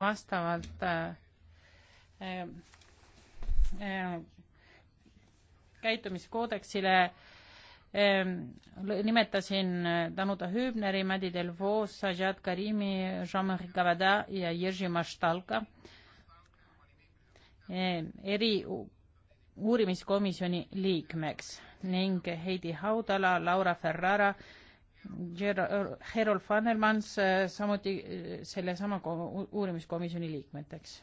vastavalt äh, äh, äh käitumiskoodeksile ähm, äh, nimetasin Danuta Hübneri, Madi Delvaux, Sajad Karimi, Jean-Marie Cavada ja Jerzy Maštalka äh, eri uurimiskomisjoni liikmeks ning Heidi Haudala, Laura Ferrara, Gerald Fannermans äh, samuti äh, sellesama uurimiskomisjoni liikmeteks.